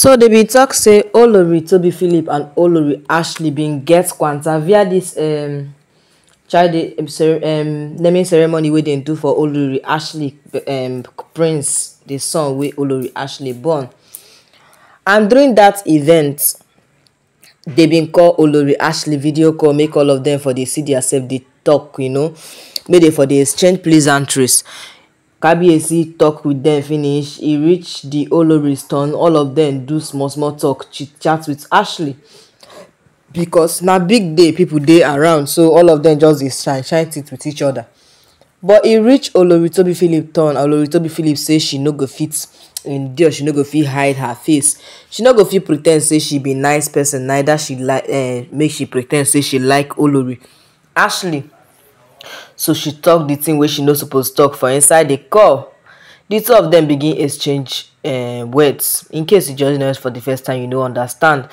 so they bin talk say olori toby Philip and olori ashley bin get quanta via this um, child um, um, naming ceremony we didn't do for olori ashley um, prince the son wey olori ashley born and during that event they been call olori ashley video call make all of them for dey see diasef dey tok you know made dey for the exchange pleasantries Kabiyesi talk with dem finish, He reach the Oloris turn, all of dem do small small talk, chit chat with Ashley because na big day people dey around so all of dem just dey shine shine teeth with each other. But e reach Olori Tobi Philip turn, Olori Tobi Philip say she no go fit endure, she no go fit hide her face. She no go fit pre ten d say she be nice person, neither she like uh, make she pre ten d say she like Olori. Ashley so she talk the thing wey she no suppose talk for inside the call The two of them begin exchange eh, words in case you just know for the first time you no understand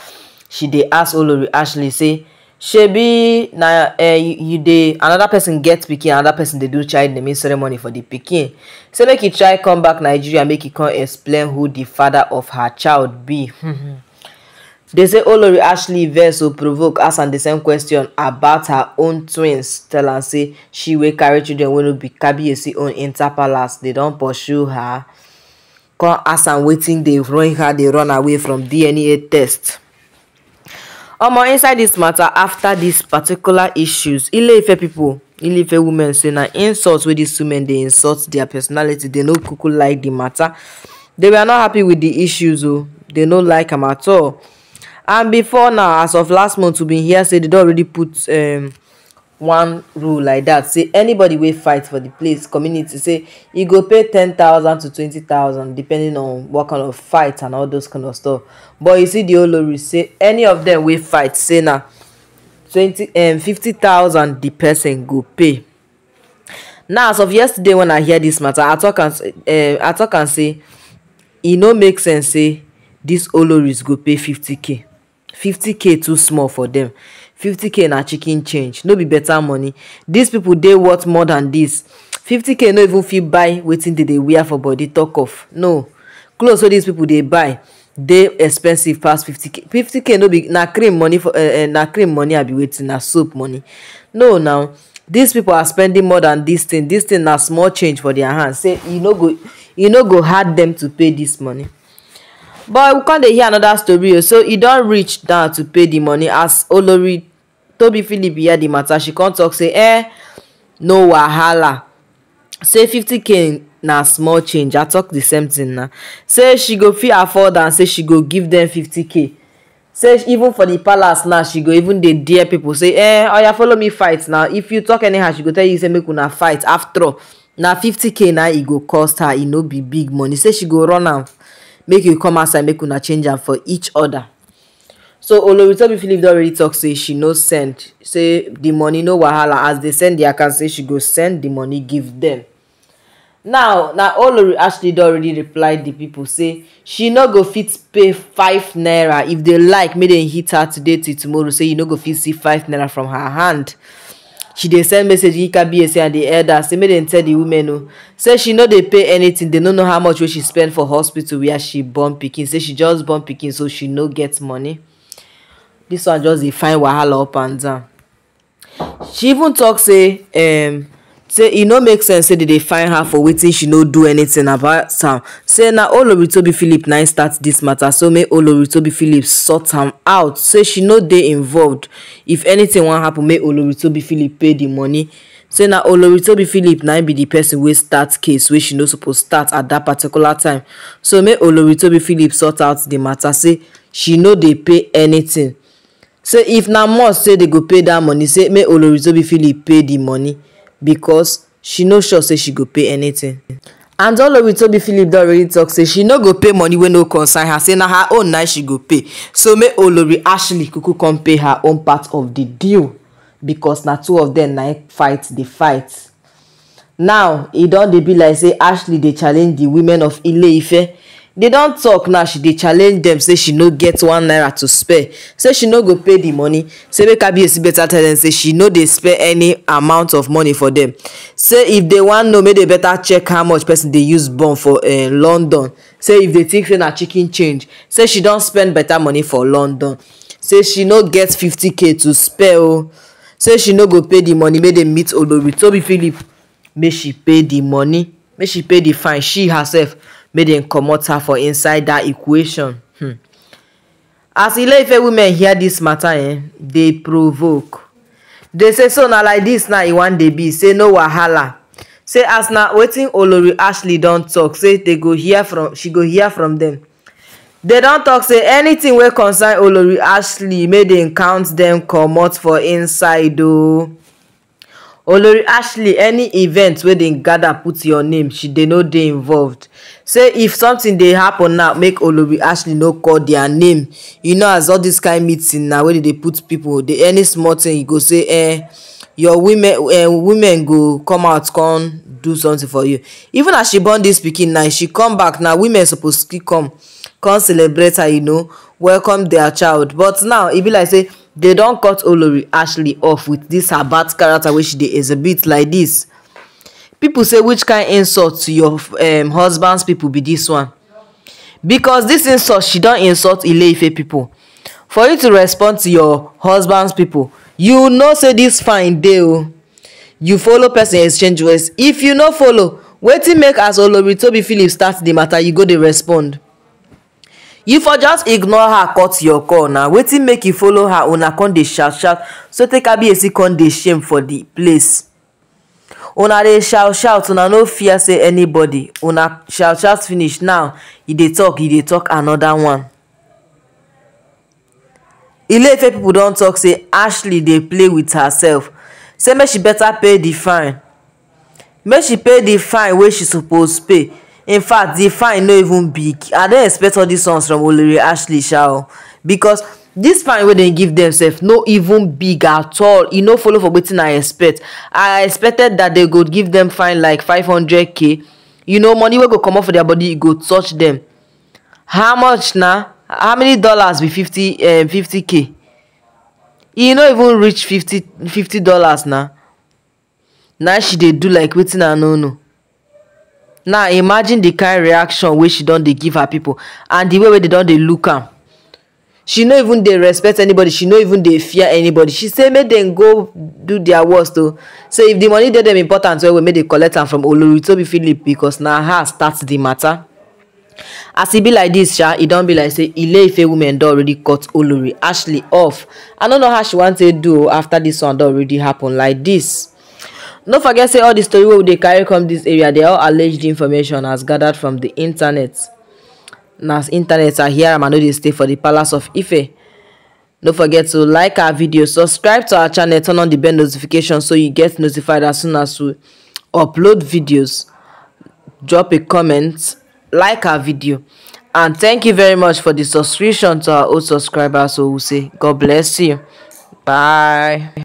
she dey ask olori ashley say shebi na eh, you dey another person get pikin another person dey do child naming ceremony for the pikin say make he try come back nigeria make he come explain who the father of her child be They say Olori Ashley Verso provoke ask and the same question about her own twins, tell and say she will carry children when no be Kabiyesi own enter palace. They don't pursue her. Come ask and waiting they run her They run away from DNA test. Omo um, inside this matter after dis particular issues, ile people, pipo, women say now insult with dis women They insult their personality. They no kuku like the matter. They were not happy with the issues o. Oh. They no like them at all and before now as of last month we been here. say they don already put um, one rule like that. say anybody will fight for the place community say e go pay ten thousand to twenty thousand depending on what kind of fight and all those kind of stuff but you see di olori say any of them will fight say now twenty um, fifty thousand the person go pay now as of yesterday when i hear this matter i talk am uh, i talk am say e no make sense say dis oloris go pay fifty k 50k too small for them. 50k na chicken change no be better money These people they worth more than this. 50k no even fit buy waiting dey they wear for body talk of no clothes wey these people they buy They expensive past 50k 50k no be na cream money for eh, eh, na cream money i be waiting na soap money no now these people are spending more than this thing This thing na small change for their hands. say you no go you no go hard them to pay this money but we can't hear another story so he don't reach down to pay the money as olori tobi philip hear the matter she can't talk. say eh no wahala say 50k na small change i talk the same thing now. say she go fit afford and say she go give them 50k say even for the palace now she go even the dear people say eh Oh, oya follow me fight now if you tok anyhow she go tell you say make una fight after Now na 50k now, he go cost her e no be big money say she go run am make you come outside make una change am for each other so olori philip don already tok say she no send say the money no wahala as they send dia account say she go send the money give them. now na olori ashley don already reply the people. say she no go fit pay five naira if they like make dem hit her today till tomorrow say you no go fit see five naira from her hand she dey send message give kabiyesi and the elders say make dem tell the women o say she no dey pay anything They no know how much wey she spend for hospital where she born pikin say she just born pikin so she no get money This one just dey find wahala up and down she even talk say um say e no make sense say dem they fine her for waiting? she no do anything about am say na oloritobi philip now im start dis mata so make oloritobi philip sort am out say she no dey involved if anything wan happen make oloritobi philip pay the money say na oloritobi philip now be the person wey start case wey she no supposed start at that particular time so make oloritobi philip sort out the matter. say she no dey pay anything. say if now must say they go pay that money say make oloritobi philip pay the money Because she no sure say she go pay anything, and olori Toby philip don already tok say she no go pay money wey no concern her say na her own na she go pay so make olori ashley kuku come pay her own part of the deal because na two of them na e fight the fight now e don dey be like say ashley dey challenge the women of Ife. They don talk now she dey challenge dem say she no get one naira to spare say she no go pay the money say make kabiyesi better tell dem say she no dey spare any amount of money for dem say if dey wan know make dey better check how much person dey use born for uh, london say if dey think say na chicken change say she don spend better money for london say she no get 50k to spare o say she no go pay the money make dem meet olori tobi philip make she pay the money make she pay the fine she herself Made him comot her for inside that equation hmm. as ileife women hear this matter, eh, They provoke They say so na like this: na e want dey be say no wahala say as na waiting olori ashley don't talk. say they go hear from she go hear from them. They don't talk say anything wey concern olori ashley Made dem count them comot for inside ooo oh. olori ashley any event where they gather put your name she they know they involved say if something dey happen now make olobi ashley no call dia name you know as all dis kain meeting na wey dey dey put pipo any small thing you go say eh your women eh, women go come out come do something for you even as she born dis pikin now she come back na women suppose still come come celebrate her you know welcome dia child but now e be like say dey don cut olori ashley off with dis her bad character wey she dey exhibit like dis people say which kind insult to your um, husband's people be this one because this insult she don't insult ileife people for you to respond to your husband's people you know say this fine dey oh, you follow person exchange words if you no follow waiting make as olori Toby Phillips start the matter you go dey respond you for just ignore her cut your call na wetin make you follow her una come dey shout shout sotekabiesi come dey shame for the place una dey shout shout una no fear say anybody una shout shout finish now e dey talk e dey talk another one ileife pipo don talk say ashley dey play with herself say make she better pay the fine make she pay the fine wey she suppose pay in fact the fine no even big i don expect all dis ones from olori ashley sha o because This fine wey dem give dem no even big at all e no follow for wetin i expect i expected dat dem go give dem fine like five hundred k you know money wey go comot for dia body e go touch dem how much na how many dollars be fifty, eh, fifty k e no even reach fifty, fifty dollars na na she dey do like wetin i no know now imagine di kind reaction wey she don dey give her pipo and di way wey dem don dey look am she no even dey respect anybody she no even dey fear anybody she say make dem go do their worst o So if the money dey dem important well well make dem collect am from oloritobi philip because na her start the matter. as e be like this, sha e don be like say ileife women don already cut olori ashley off i no know how she wan take do after this one don already happen like this. no forget say all the story wey we dey carry come this area dey all alleged information as gathered from the internet na internet i hear am i no dey stay for the palace of ife no forget to like our video subscribe to our channel turn on the bell notification so you get notified as soon as we upload videos drop a comment like our video and thank you very much for the subscription to our old subscribers so we say god bless you bye